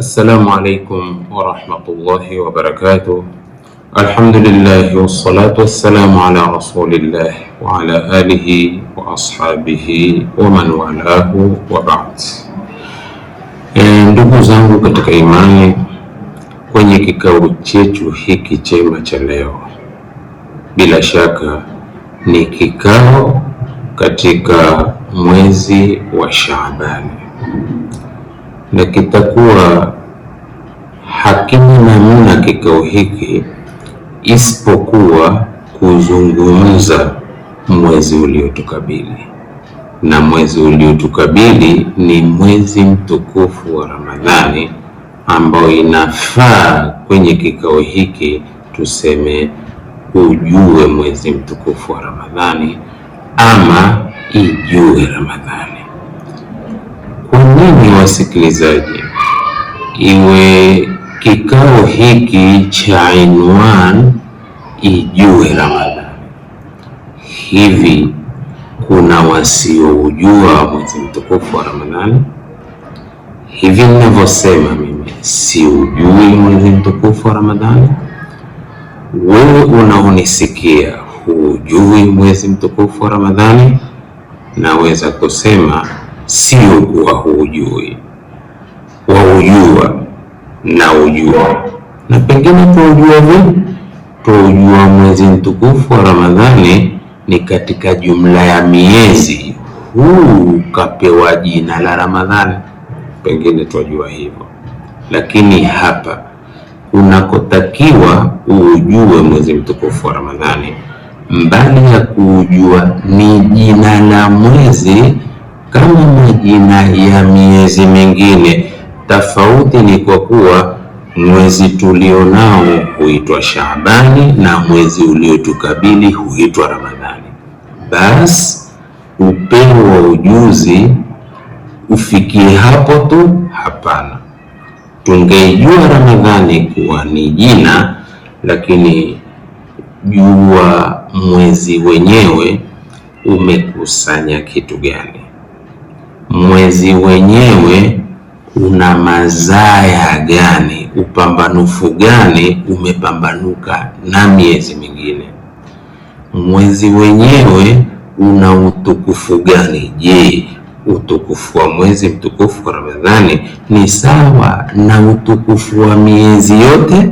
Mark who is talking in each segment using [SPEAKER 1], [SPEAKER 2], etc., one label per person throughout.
[SPEAKER 1] Assalamu alaikum warahmatullahi wabarakatuh. Alhamdulillahi wassalatu wassalamu ala rasulillah wa ala alihi wa ashabihi wa man walahu wa e, ndugu zangu katika imani, kwenye kikao chetu hiki chema cha leo, bila shaka ni kikao katika mwezi wa Shaabani na kitakuwa hakina namna kikao hiki isipokuwa kuzungumza mwezi uliotukabili, na mwezi uliotukabili ni mwezi mtukufu wa Ramadhani, ambao inafaa kwenye kikao hiki tuseme ujue mwezi mtukufu wa Ramadhani ama ijue Ramadhani. Kwa nini wasikilizaji, iwe kikao hiki cha Inwan Ijue Ramadhani, hivi kuna wasioujua mwezi mtukufu wa Ramadhani? Hivi ninavyosema mimi siujui mwezi mtukufu wa Ramadhani, wewe unaonisikia huujui mwezi mtukufu wa Ramadhani, naweza kusema sio kuwa huujui, waujua na ujua, na pengine twaujua vi Twaujua mwezi mtukufu wa Ramadhani ni katika jumla ya miezi, huu kapewa jina la Ramadhani, pengine twajua hivyo, lakini hapa unakotakiwa uujue mwezi mtukufu wa Ramadhani, mbali ya kuujua ni jina la mwezi kama majina ya miezi mingine. Tofauti ni kwa kuwa mwezi tulionao huitwa Shaabani na mwezi uliotukabili huitwa Ramadhani. Basi upeo wa ujuzi ufikie hapo tu? Hapana. Tungeijua Ramadhani kuwa ni jina, lakini jua mwezi wenyewe umekusanya kitu gani? mwezi wenyewe una mazaya gani, upambanufu gani umepambanuka na miezi mingine. Mwezi wenyewe una utukufu gani? Je, utukufu wa mwezi mtukufu wa Ramadhani ni sawa na utukufu wa miezi yote?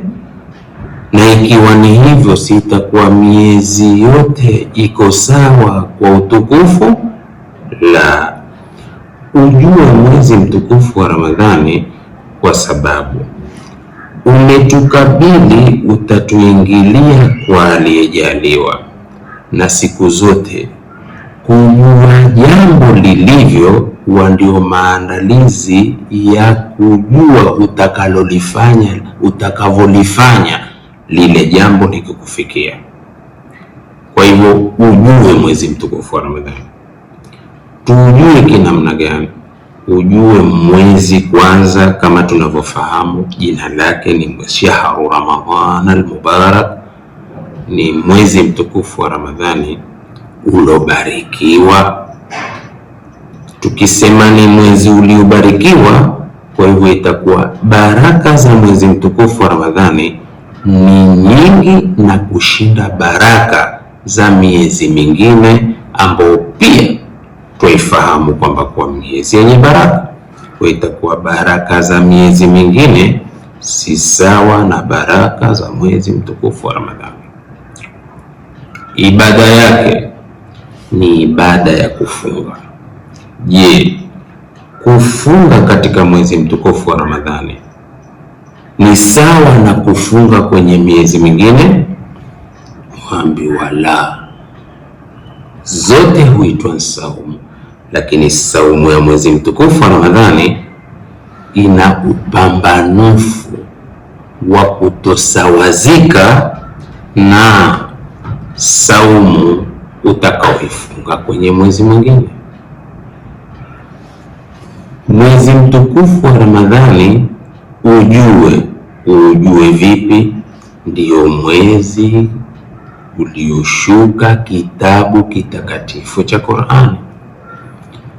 [SPEAKER 1] Na ikiwa ni hivyo, itakuwa miezi yote iko sawa kwa utukufu? La ujue mwezi mtukufu wa Ramadhani kwa sababu umetukabili, utatuingilia kwa aliyejaliwa na siku zote kujua jambo lilivyo huwa ndio maandalizi ya kujua utakalolifanya utakavyolifanya lile jambo likikufikia. Kwa hivyo ujue mwezi mtukufu wa Ramadhani tuujue kinamna gani? Ujue mwezi kwanza, kama tunavyofahamu jina lake ni shahru Ramadhan almubarak, ni mwezi mtukufu wa Ramadhani uliobarikiwa. Tukisema ni mwezi uliobarikiwa, kwa hivyo itakuwa baraka za mwezi mtukufu wa Ramadhani ni nyingi na kushinda baraka za miezi mingine ambayo pia twaifahamu kwamba kwa miezi yenye baraka kwa itakuwa baraka za miezi mingine si sawa na baraka za mwezi mtukufu wa Ramadhani. Ibada yake ni ibada ya kufunga. Je, kufunga katika mwezi mtukufu wa Ramadhani ni sawa na kufunga kwenye miezi mingine? Waambiwa la, zote huitwa saumu lakini saumu ya mwezi mtukufu wa Ramadhani ina upambanufu wa kutosawazika na saumu utakaoifunga kwenye mwezi mwingine. Mwezi mtukufu wa Ramadhani ujue, ujue vipi? Ndiyo mwezi ulioshuka kitabu kitakatifu cha Qur'ani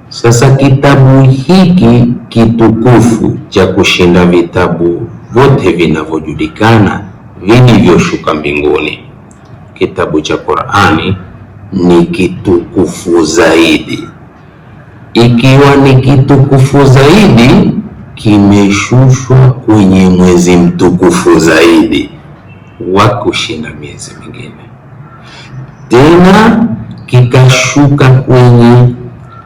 [SPEAKER 1] sasa kitabu hiki kitukufu cha kushinda vitabu vyote vinavyojulikana vilivyoshuka mbinguni, kitabu cha Qur'ani ni kitukufu zaidi. Ikiwa ni kitukufu zaidi, kimeshushwa kwenye mwezi mtukufu zaidi wa kushinda miezi mingine, tena kikashuka kwenye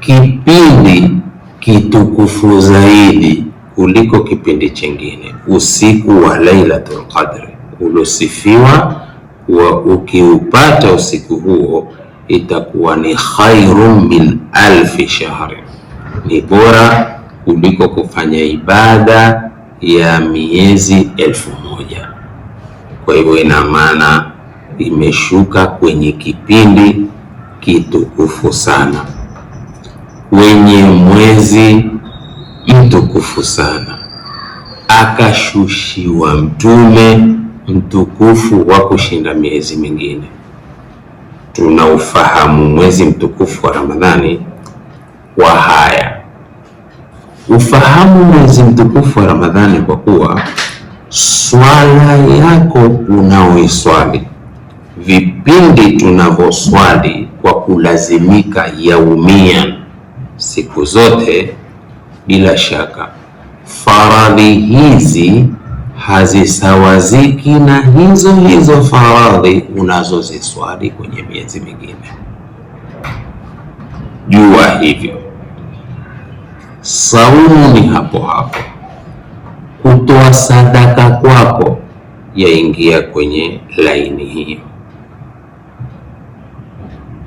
[SPEAKER 1] kipindi kitukufu zaidi kuliko kipindi chingine, usiku wa Lailatul Qadr uliosifiwa, wa ukiupata usiku huo itakuwa ni khairum min alfi shahri, ni bora kuliko kufanya ibada ya miezi elfu moja. Kwa hivyo ina maana imeshuka kwenye kipindi kitukufu sana wenye mwezi mtukufu sana, akashushiwa mtume mtukufu wa kushinda miezi mingine. Tunaufahamu mwezi mtukufu wa Ramadhani kwa haya, ufahamu mwezi mtukufu wa Ramadhani kwa kuwa swala yako unaoiswali vipindi tunavyoswali kwa kulazimika yaumia siku zote, bila shaka faradhi hizi hazisawaziki na hizo hizo faradhi unazoziswali kwenye miezi mingine. Jua hivyo, saumu ni hapo hapo, kutoa sadaka kwako yaingia kwenye laini hiyo,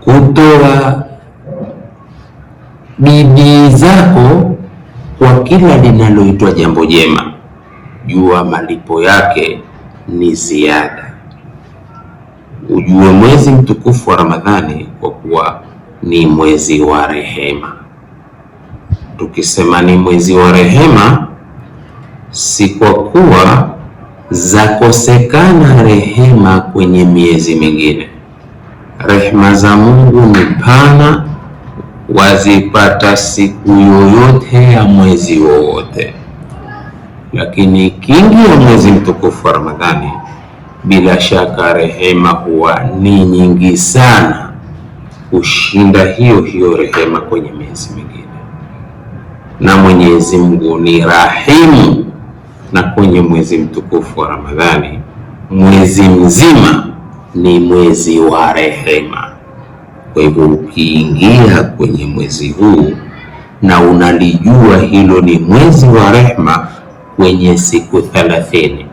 [SPEAKER 1] kutoa bidii zako kwa kila linaloitwa jambo jema, jua malipo yake ni ziada. Ujue mwezi mtukufu wa Ramadhani kwa kuwa ni mwezi wa rehema. Tukisema ni mwezi wa rehema, si kwa kuwa zakosekana rehema kwenye miezi mingine. Rehema za Mungu ni pana wazipata siku yoyote ya mwezi wowote, lakini kingi ya mwezi mtukufu wa Ramadhani, bila shaka rehema huwa ni nyingi sana kushinda hiyo hiyo rehema kwenye miezi mingine, na Mwenyezi Mungu ni rahimu, na kwenye mwezi mtukufu wa Ramadhani mwezi mzima ni mwezi wa rehema. Kwa hivyo ukiingia kwenye mwezi huu na unalijua hilo ni mwezi wa rehma kwenye siku thalathini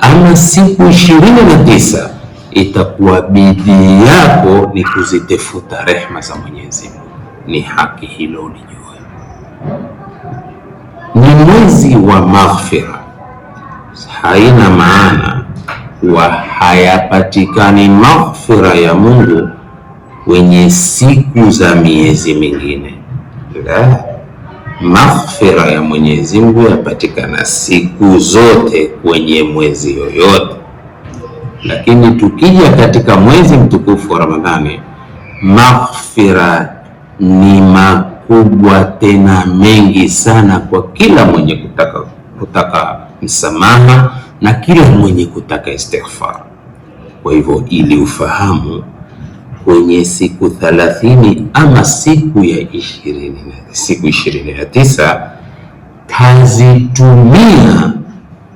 [SPEAKER 1] ama siku ishirini na tisa itakuwa bidii yako ni kuzitafuta rehma za Mwenyezi Mungu. Ni haki hilo ulijue. Ni mwezi wa maghfira, haina maana wa hayapatikani maghfira ya Mungu kwenye siku za miezi mingine. La, maghfira ya Mwenyezi Mungu yapatikana siku zote kwenye mwezi yoyote, lakini tukija katika mwezi mtukufu wa Ramadhani, maghfira ni makubwa tena mengi sana kwa kila mwenye kutaka, kutaka msamaha na kila mwenye kutaka istighfar. Kwa hivyo ili ufahamu kwenye siku thalathini ama siku ya ishirini siku ishirini na tisa tazitumia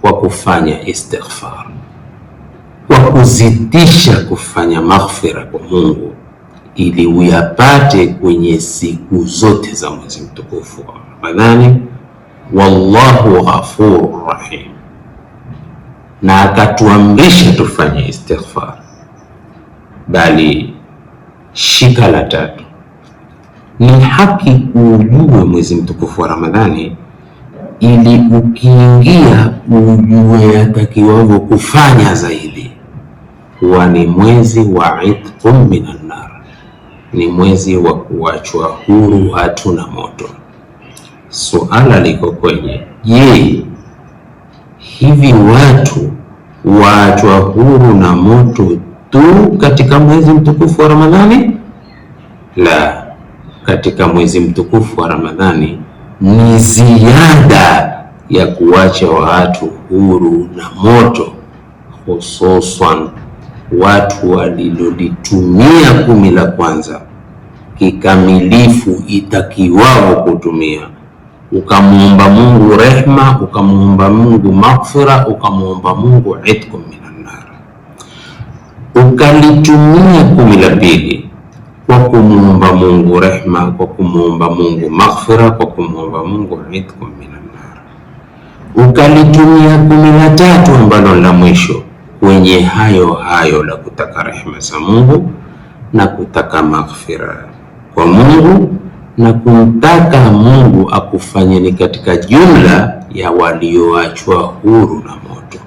[SPEAKER 1] kwa kufanya istighfar, kwa kuzitisha kufanya maghfira kwa Mungu ili uyapate kwenye siku zote za mwezi mtukufu wa Ramadhani. Wallahu ghafurur rahim, na akatuamrisha tufanye istighfar bali Shika la tatu, ni haki uujue mwezi mtukufu wa Ramadhani ili ukiingia ujue yatakiwavyo kufanya zaidi, huwa ni mwezi wa itqun minan nar, ni mwezi wa kuachwa huru watu na moto. Suala liko kwenye je, hivi watu waachwa huru na moto tu katika mwezi mtukufu wa Ramadhani? La, katika mwezi mtukufu wa Ramadhani ni ziada ya kuwacha watu huru na moto, hususan watu walilolitumia kumi la kwanza kikamilifu itakiwao kutumia, ukamwomba Mungu rehma, ukamwomba Mungu maghfira, ukamwomba Mungu itqu ukalitumia kumi na mbili kwa kumwomba Mungu rehma, kwa kumwomba Mungu maghfira, kwa kumwomba Mungu idhkum minan Ukalitumia kumi na tatu ambalo la mwisho kwenye hayo hayo la kutaka rehma za Mungu na kutaka maghfira kwa Mungu na kumtaka Mungu akufanye ni katika jumla ya walioachwa huru na moto,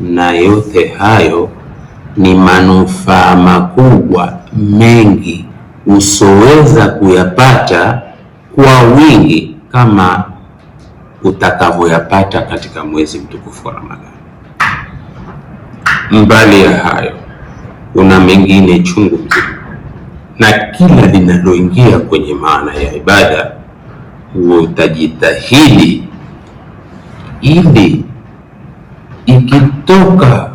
[SPEAKER 1] na yote hayo ni manufaa makubwa mengi usoweza kuyapata kwa wingi kama utakavyoyapata katika mwezi mtukufu wa Ramadhani. Mbali ya hayo, kuna mengine chungu mzima, na kila linaloingia kwenye maana ya ibada huo utajitahidi ili ikitoka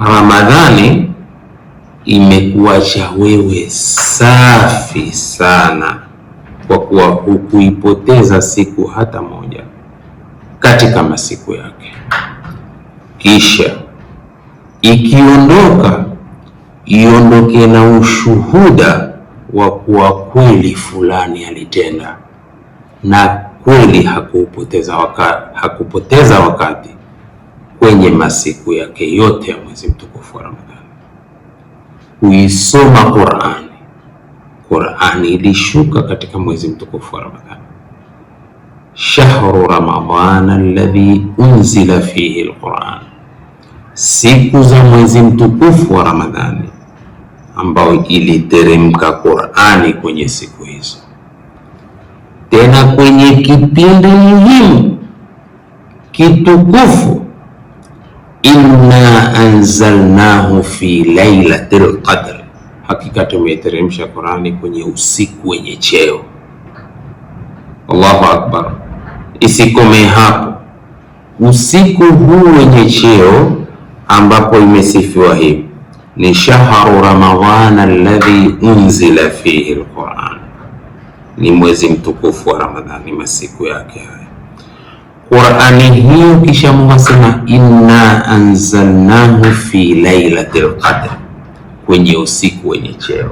[SPEAKER 1] Ramadhani imekuacha wewe safi sana, kwa kuwa hukuipoteza siku hata moja katika masiku yake. Kisha ikiondoka, iondoke na ushuhuda wa kuwa kweli fulani alitenda na kweli hakupoteza wakati, hakupoteza wakati kwenye masiku yake yote ya mwezi mtukufu wa Ramadhani, kuisoma Qur'ani. Qur'ani ilishuka katika mwezi mtukufu wa Ramadhani, shahru ramadhan alladhi unzila fihi lquran siku za mwezi mtukufu wa Ramadhani ambao iliteremka Qur'ani kwenye siku hizo, tena kwenye kipindi muhimu kitukufu inna anzalnahu fi lailatil qadr, hakika tumeiteremsha Qurani kwenye usiku wenye cheo. Allahu akbar! Isikome hapo, usiku huu wenye cheo ambapo imesifiwa hivi ni shahru ramadhana alladhi unzila fihi alquran, ni mwezi mtukufu wa Ramadhani, masiku yake haya Qur'ani hiyo, kisha Mungu asema inna anzalnahu fi lailatul qadr, kwenye usiku wenye cheo.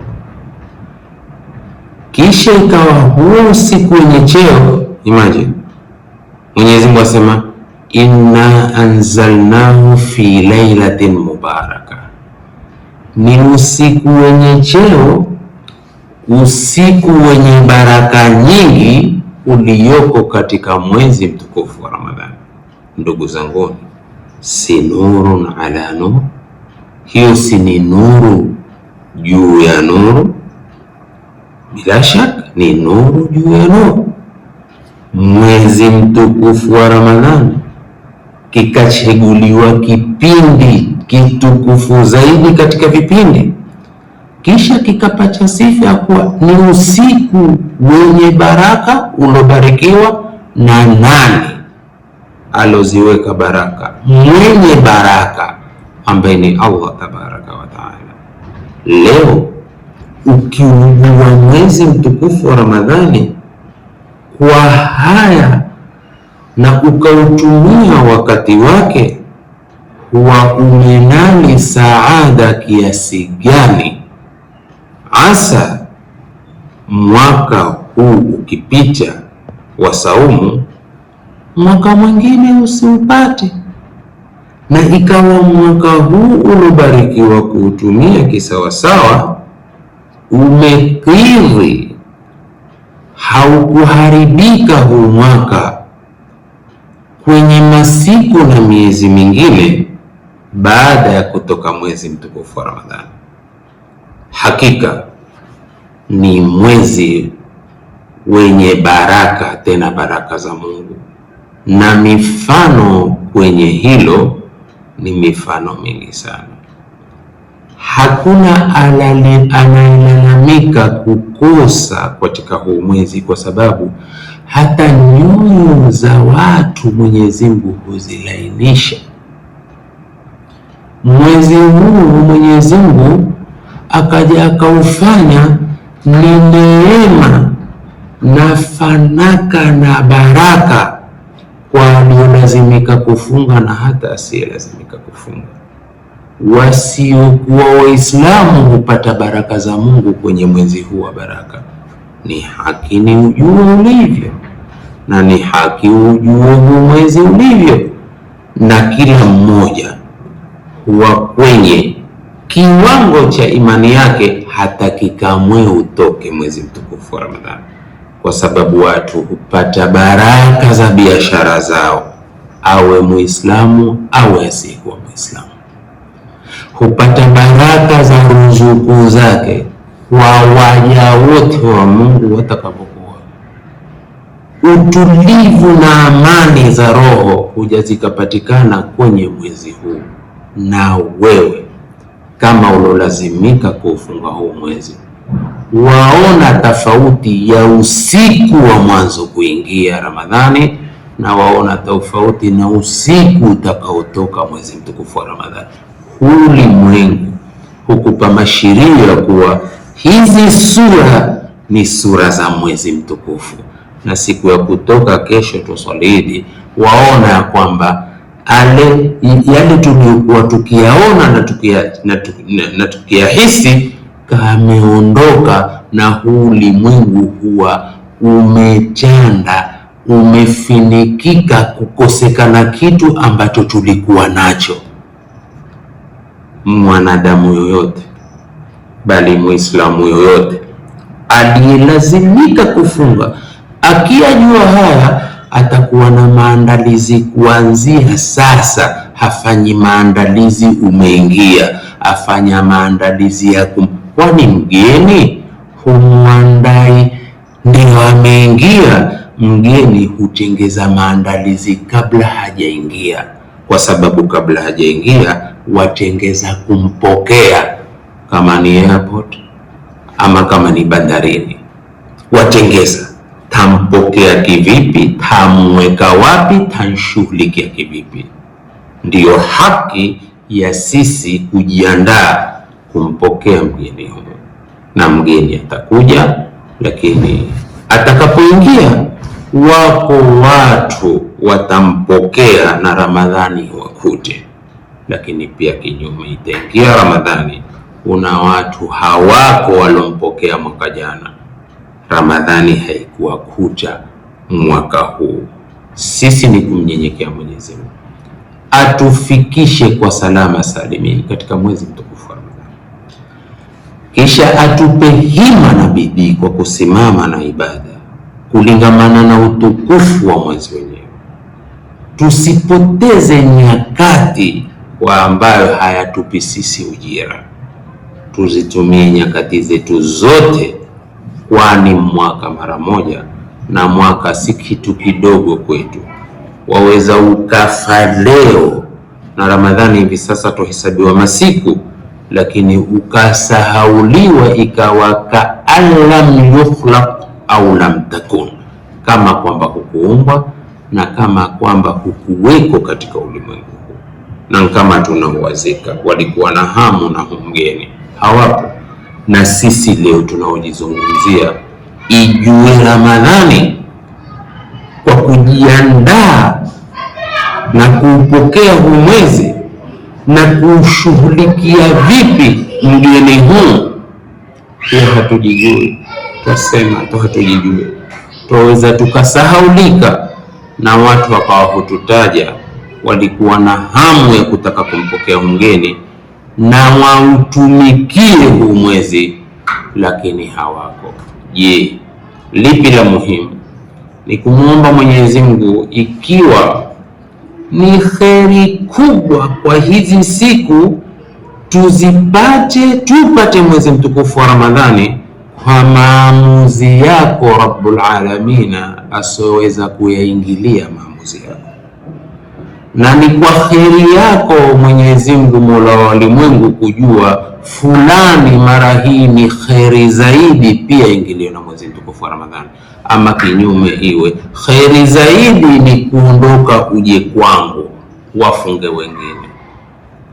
[SPEAKER 1] Kisha ikawa huo usiku wenye cheo, imagine Mwenyezi Mungu asema inna anzalnahu fi lailatin mubaraka, ni usiku wenye cheo, usiku wenye baraka nyingi uliyoko katika mwezi mtukufu wa Ramadhani. Ndugu zangu, si nurun ala nur, hiyo si ni nuru juu ya nuru? Bila shaka ni nuru juu ya nuru. Mwezi mtukufu wa Ramadhani kikachaguliwa kipindi kitukufu zaidi katika vipindi kisha sifa ya kuwa ni usiku wenye baraka ulobarikiwa na nani aloziweka baraka, mwenye baraka ambaye ni Allah tabaraka wa taala. Leo ukiugua mwezi mtukufu wa Ramadhani kwa haya na ukautumia wakati wake, wa umenani saada kiasi gani? hasa mwaka huu ukipita wa saumu, mwaka mwingine usiupate, na ikawa mwaka huu uliobarikiwa kuutumia kisawasawa umekidhi, haukuharibika huu mwaka kwenye masiku na miezi mingine baada ya kutoka mwezi mtukufu wa Ramadhani. Hakika ni mwezi wenye baraka, tena baraka za Mungu, na mifano kwenye hilo ni mifano mingi sana. Hakuna anayelalamika kukosa katika huu mwezi, kwa sababu hata nyoyo za watu Mwenyezi Mungu huzilainisha. Mwezi huu Mwenyezi Mungu akaja akaufanya ni neema na fanaka na baraka kwa waliolazimika kufunga na hata asiyelazimika kufunga. Wasiokuwa Waislamu hupata baraka za Mungu kwenye mwezi huu wa baraka. Ni haki ni ujue ulivyo, na ni haki ujue huu mwezi ulivyo, na kila mmoja wa kwenye kiwango cha imani yake hata kikamwe utoke mwezi mtukufu wa Ramadhani, kwa sababu watu hupata baraka za biashara zao, awe muislamu awe asiyekuwa muislamu, hupata baraka za ruzuku zake wa waja wote wa Mungu watakapokuwa. Utulivu na amani za roho huja zikapatikana kwenye mwezi huu, na wewe kama uliolazimika kuufunga huu mwezi. Waona tofauti ya usiku wa mwanzo kuingia Ramadhani na waona tofauti na usiku utakaotoka mwezi mtukufu wa Ramadhani. Ulimwengu hukupa mashirio ya kuwa hizi sura ni sura za mwezi mtukufu, na siku ya kutoka kesho tuswali waona ya kwamba ale yale tuliokuwa tukiyaona na tukia na tukiyahisi kameondoka, na huu ulimwengu huwa umechanda, umefinikika kukosekana kitu ambacho tulikuwa nacho mwanadamu yoyote, bali Muislamu yoyote aliyelazimika kufunga akiyajua haya atakuwa na maandalizi kuanzia sasa. Hafanyi maandalizi, umeingia afanya maandalizi yako, kwani mgeni humwandai ndio ameingia. Mgeni hutengeza maandalizi kabla hajaingia, kwa sababu kabla hajaingia watengeza kumpokea, kama ni airport ama kama ni bandarini, watengeza tampokea kivipi, tamweka wapi, tanshughulikia kivipi. Ndiyo haki ya sisi kujiandaa kumpokea mgeni huyo, na mgeni atakuja, lakini atakapoingia wako watu watampokea na Ramadhani wakute, lakini pia kinyume, itaingia Ramadhani, kuna watu hawako waliompokea mwaka jana Ramadhani haikuwa kucha mwaka huu. Sisi ni kumnyenyekea Mwenyezi Mungu atufikishe kwa salama salimini katika mwezi mtukufu wa Ramadhani, kisha atupe hima na bidii kwa kusimama na ibada kulingamana na utukufu wa mwezi wenyewe. Tusipoteze nyakati kwa ambayo hayatupi sisi ujira, tuzitumie nyakati zetu zote kwani mwaka mara moja, na mwaka si kitu kidogo kwetu. Waweza ukafa leo na Ramadhani hivi sasa tuhesabiwa masiku, lakini ukasahauliwa ikawa kaan yukhlaq au lam takun, kama kwamba hukuumbwa na kama kwamba hukuweko katika ulimwengu huu, na kama tunauwazika, walikuwa na hamu na humgeni hawapo na sisi leo tunaojizungumzia ijue Ramadhani kwa kujiandaa na kuupokea huu mwezi na kuushughulikia vipi mgeni huu. Leo hatujijui, twasema tu hatujijui, twaweza tukasahaulika na watu wakawa hututaja walikuwa na hamu ya kutaka kumpokea mgeni na wamtumikie huu mwezi, lakini hawako. Je, lipi la muhimu? Ni kumwomba Mwenyezi Mungu ikiwa ni kheri kubwa kwa hizi siku tuzipate, tupate mwezi mtukufu wa Ramadhani kwa maamuzi yako Rabbul Alamina asiyoweza kuyaingilia maamuzi yako na ni kwa kheri yako Mwenyezi Mungu Mola wa walimwengu kujua fulani mara hii ni kheri zaidi pia ingilio na mwezi mtukufu wa Ramadhani, ama kinyume iwe kheri zaidi ni kuondoka uje kwangu wafunge wengine.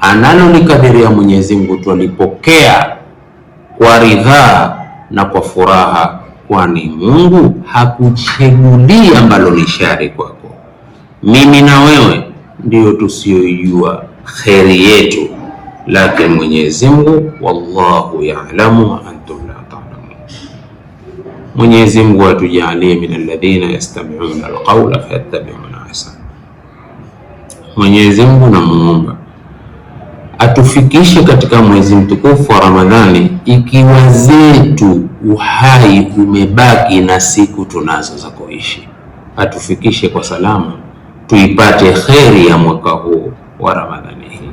[SPEAKER 1] Analo nikadhiria Mwenyezi Mungu twalipokea kwa ridhaa na kwa furaha, kwani Mungu hakuchegulia ambalo ni shari kwako. Mimi na wewe ndiyo tusiyoijua kheri yetu lake Mwenyezi Mungu, wallahu ya'lamu wa antum la ta'lamun. Mwenyezi Mungu atujalie min alladhina yastami'una alqawla fayattabi'una ahsan. Mwenyezi Mungu namuomba atufikishe katika mwezi mtukufu wa Ramadhani ikiwa zetu uhai umebaki na siku tunazo za kuishi, atufikishe kwa salama tuipate kheri ya mwaka huu wa Ramadhani hii,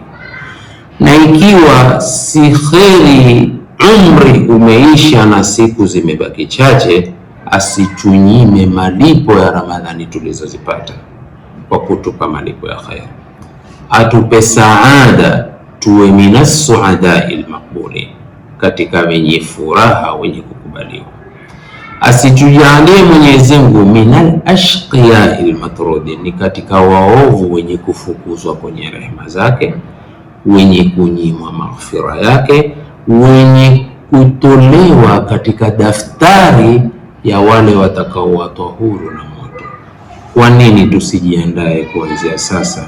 [SPEAKER 1] na ikiwa si kheri, umri umeisha na siku zimebaki chache, asitunyime malipo ya Ramadhani tulizozipata kwa kutupa malipo ya kheri, atupe saada, tuwe minassuadai lmaqbulin, katika wenye furaha wenye kukubaliwa asitujalie Mwenyezi Mungu minal
[SPEAKER 2] ashqiya
[SPEAKER 1] ilmatrudi, ni katika waovu wenye kufukuzwa kwenye rehema zake, wenye kunyimwa maghfira yake, wenye kutolewa katika daftari ya wale watakaowatwa huru na moto. Kwa nini tusijiandae kuanzia sasa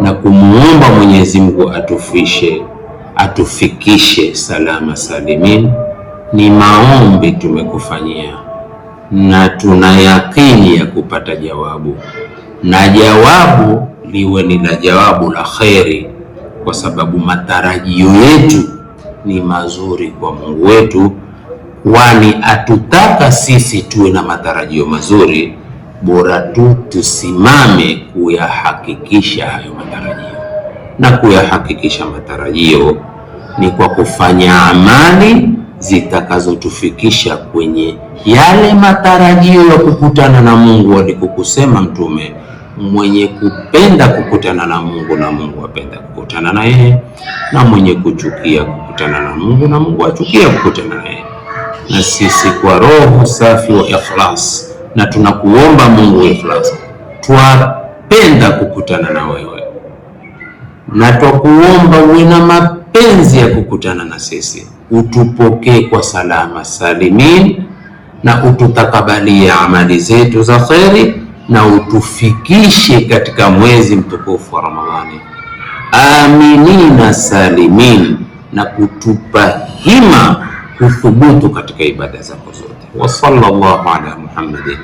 [SPEAKER 1] na kumwomba Mwenyezi Mungu atufishe, atufikishe salama salimin ni maombi tumekufanyia, na tuna yakini ya kupata jawabu, na jawabu liwe ni la jawabu la kheri, kwa sababu matarajio yetu ni mazuri kwa Mungu wetu, kwani atutaka sisi tuwe na matarajio mazuri, bora tu tusimame kuyahakikisha hayo matarajio. Na kuyahakikisha matarajio ni kwa kufanya amali zitakazotufikisha kwenye yale matarajio ya kukutana na Mungu, Alikokusema Mtume, mwenye kupenda kukutana na Mungu na Mungu apenda kukutana na yeye, na mwenye kuchukia kukutana na Mungu na Mungu achukia kukutana na yeye. Na sisi kwa roho safi wa ikhlas, na tunakuomba Mungu ikhlas, twapenda kukutana na wewe na twakuomba uwe na mapenzi ya kukutana na sisi utupokee kwa salama salimin, na ututakabalie amali zetu za kheri, na utufikishe katika mwezi mtukufu wa Ramadhani aminina salimin, na kutupa hima kuthubutu katika ibada zako zote. wa sallallahu ala Muhammadin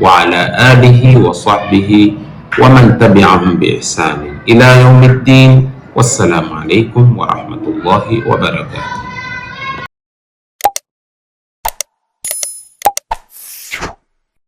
[SPEAKER 1] wa ala alihi wa sahbihi wa man tabi'ahum bi ihsani ila yaumiddin. Wassalamu alaikum wa rahmatullahi wa barakatuh.